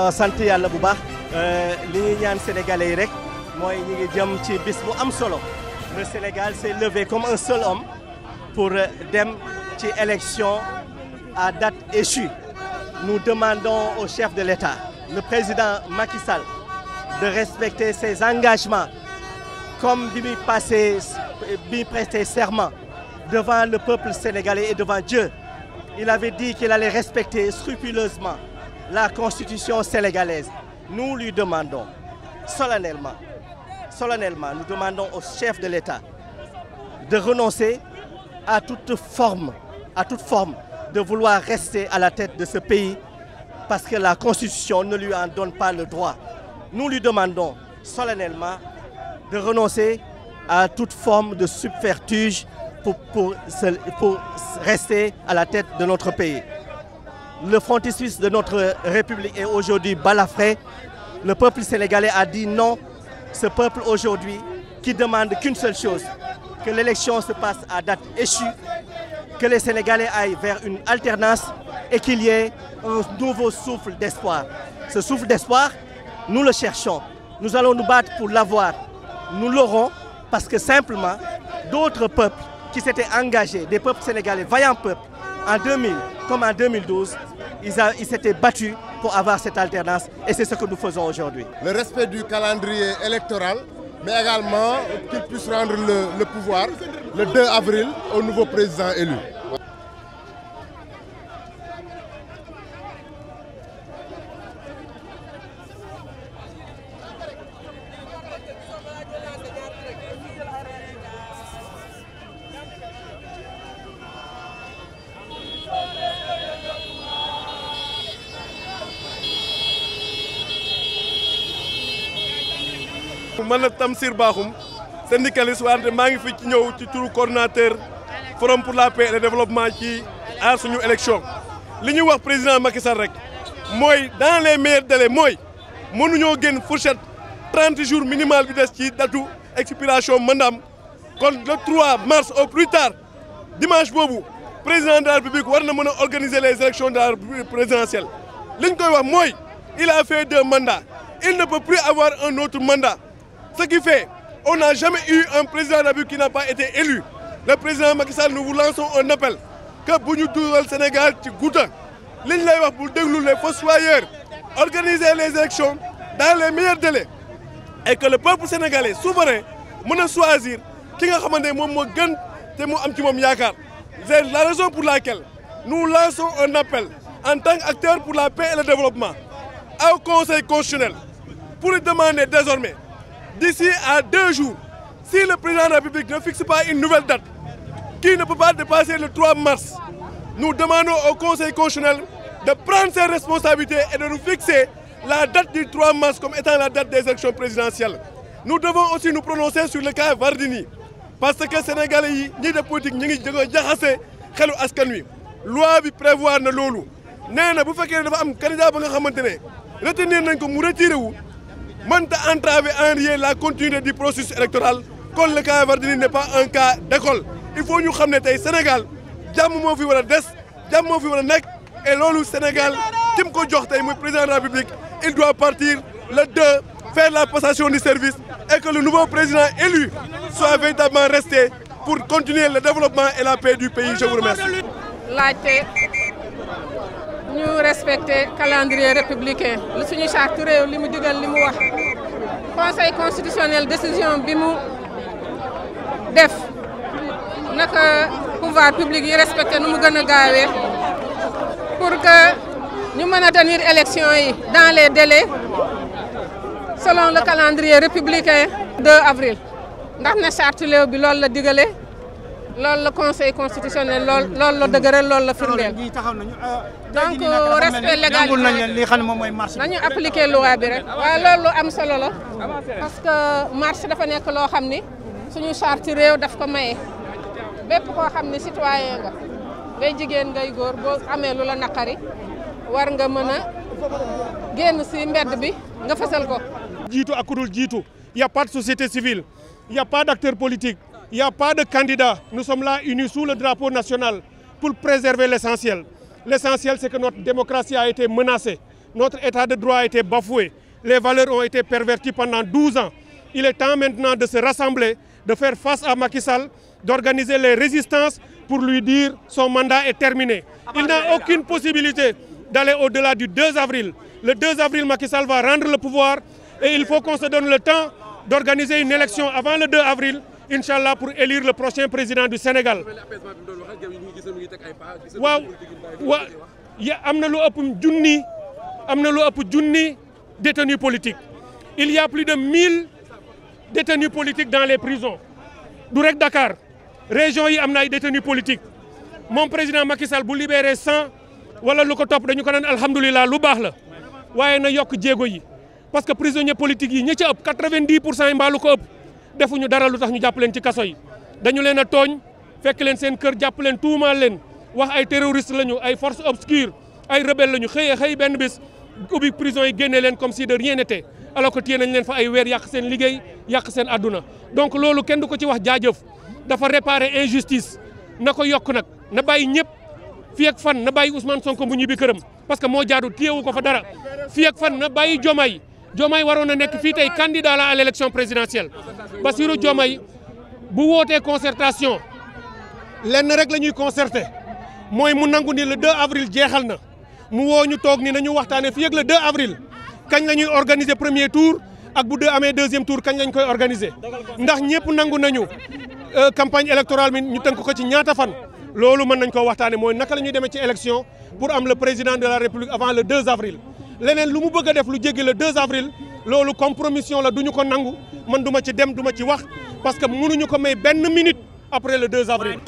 Euh, sant yàlla bu baax euh, li ñuy ñaan sénégalais yi rek mooy ñu ngi jëm ci bis bu am solo le Sénégal s'est levé comme un seul homme pour euh, dem ci élection à date échue nous demandons au chef de l'État le président Macky Sall de respecter ses engagements comme bi muy passé bi prêter serment devant le peuple sénégalais et devant Dieu il avait dit qu'il allait respecter scrupuleusement la constitution sénégalaise. Nous lui demandons solennellement, nous demandons au chef de l'État de renoncer à toute forme, à de vouloir rester à la tête de ce pays parce que la constitution ne lui en donne pas le droit. Nous lui demandons solennellement de renoncer à toute forme de subterfuge pour, pour, pour rester à la tête de notre pays. le frontispice de notre République est aujourd'hui balafré. Le peuple sénégalais a dit non. Ce peuple aujourd'hui qui demande qu'une seule chose, que l'élection se passe à date échue, que les Sénégalais aillent vers une alternance et qu'il y ait un nouveau souffle d'espoir. Ce souffle d'espoir, nous le cherchons. Nous allons nous battre pour l'avoir. Nous l'aurons parce que simplement, d'autres peuples qui s'étaient engagés, des peuples sénégalais, vaillants peuples, en 2000, comme en 2012, ils, a, ils s'étaient battus pour avoir cette alternance et c'est ce que nous faisons aujourd'hui. Le respect du calendrier électoral, mais également qu'il puisse rendre le, le pouvoir le 2 avril au nouveau président élu. man la Tamsir Bakhoum syndicaliste wante maa ngi fi ci ñëw ci turu coordonnateur forum pour la paix le développement ci aar suñu élection li ñuy wax président Macky rek mooy dans les meilleurs délais mooy mënuñoo génn fourchette 30 jours minimal bi des ci datu expiration mandaam kon le 3 mars au plus tard dimanche boobu président de la République war na mën a organiser les élections de la République présidentielle li ñu koy wax mooy il a fait deux mandats il ne peut plus un autre mandat Ce qui fait, on n'a jamais eu un président de la République qui n'a pas été élu. Le président Macky Sall, nous vous lançons un appel. Que pour nous le Sénégal, tu goûtes. L'Inlaïwa pour déglou les fossoyeurs, organiser les élections dans les meilleurs délais. Et que le peuple sénégalais souverain puisse choisir te est am ci et le C'est la raison la laquelle nous lançons un appel en tant qu'acteur pour la paix et le développement au Conseil constitutionnel pour le demander désormais d'ici à deux jours, si le président de la République ne fixe pas une nouvelle date, qui ne peut pas dépasser le 3 mars, nous demandons au Conseil constitutionnel de prendre ses responsabilités et de nous fixer la date du 3 mars comme étant la date des élections présidentielles. Nous devons aussi nous prononcer sur le cas Vardini, parce que les Sénégalais, ni de politique, ni de xelu askan wi loi bi prévoir na loolu nee na bu fekkee dafa am candidat ba nga xamante ne retenir nañ ko mu retiré wu mënta entraver en rien la continuité du processus électoral kon le cas Wardini n'est pas un cas d'école il faut ñu xam ne tey Sénégal jàmm moo fi war a des jàmm moo fi war a nekk et loolu Sénégal ki mu ko jox tey muy président de la République il doit partir le 2 faire la passation du service et que le nouveau président élu soit véritablement resté pour continuer le développement et la paix du pays je vous remercie. ñu respecter calendrier républicain lu suñu charte réew li mu digal li mu wax conseil constitutionnel décision bi mu def naka pouvoir public yi respecté nu mu gën a gaawee pour que ñu mën a tenir élection yi dans les délais selon le calendrier républicain 2 avril ndax na charte réew bi loolu la digale loolu la conseil constitutionnel lool loolu la dëgëral loolu la firndeel euh, donc respect légal nañu appliquer loi bi rek waaw loolu lu am solo la parce que marche dafa nekk loo xam ni suñu charte réew daf ko maye bépp koo xam ni citoyen nga ngay jigéen ngay góor boo amee lu la naqari war nga mën a génn si mbedd bi nga fësal ko jiitu ak ku jiitu y a pas de société a pas d'acteur politique Il n'y a pas de candidat. Nous sommes là unis sous le drapeau national pour préserver l'essentiel. L'essentiel, c'est que notre démocratie a été menacée. Notre état de droit a été bafoué. Les valeurs ont été perverties pendant 12 ans. Il est temps maintenant de se rassembler, de faire face à Macky d'organiser les résistances pour lui dire son mandat est terminé. Il n'a aucune possibilité d'aller au-delà du 2 avril. Le 2 avril, Macky Sall va rendre le pouvoir et il faut le temps d'organiser une avant le 2 avril incha allah pour élire le prochain président du Sénégal. waaw am na lu ëpp junni am na lu ëpp junni détenus politiques il y a plus de mille détenus politiques dans les prisons du rek Dakar région yi am na ay détenus politiques moom président Macky Sall bu libéré cent wala lu ko topp dañu ko naan alhamdulilah lu baax la waaye na yokk jéego yi parce que prisonniers politiques yi ña ca ëpp quatre-vingt-dix pour cent yi mbaa lu ko ëpp. defuñu dara lu tax ñu jàpp leen ci kaso yi dañu leen a tooñ fekk leen seen kër jàpp leen tuumaal leen wax ay terroriste lañu ay force obscure ay rebelle lañu xëyee xëy benn bis ubbi prison yi génnee leen comme si de rien n'était alors que téye nañ leen fa ay weer yàq seen liggéey yàq seen adduna donc loolu kenn du ko ci wax jaajëf dafa réparer injustice na ko yokk nag na bàyyi ñëpp fii ak fan na bàyyi Ousmane Sonko mu ñibbi këram parce que moo jaadu téyewu ko fa dara fii ak fan na bàyyi Diomaye Diomaye waroon na nekk fii tey candidat la à l' élection présidentielle Bassirou Diomaye bu wootee concertation lenn rek la ñuy concerté mooy mu nangu ni le 2 avril jeexal na mu woo ñu toog ni nañu waxtaanee fii ak le 2 avril kañ la ñuy organiser premier tour ak bu dee amee deuxième tour kañ lañ koy organiser ndax ñëpp nangu nañu euh, campagne électorale bi ñu tënk ko ci ñaata fan. loolu mën nañ koo waxtaanee mooy naka la ñuy demee ci élection pour am le président de la république avant le 2 avril. leneen lu mu bëgg a def lu jéggi la 2 avril loolu compromission la du ñu ko nangu man du ma ci dem du ma ci wax parce que mënuñu ko may benn minute après le 2 avril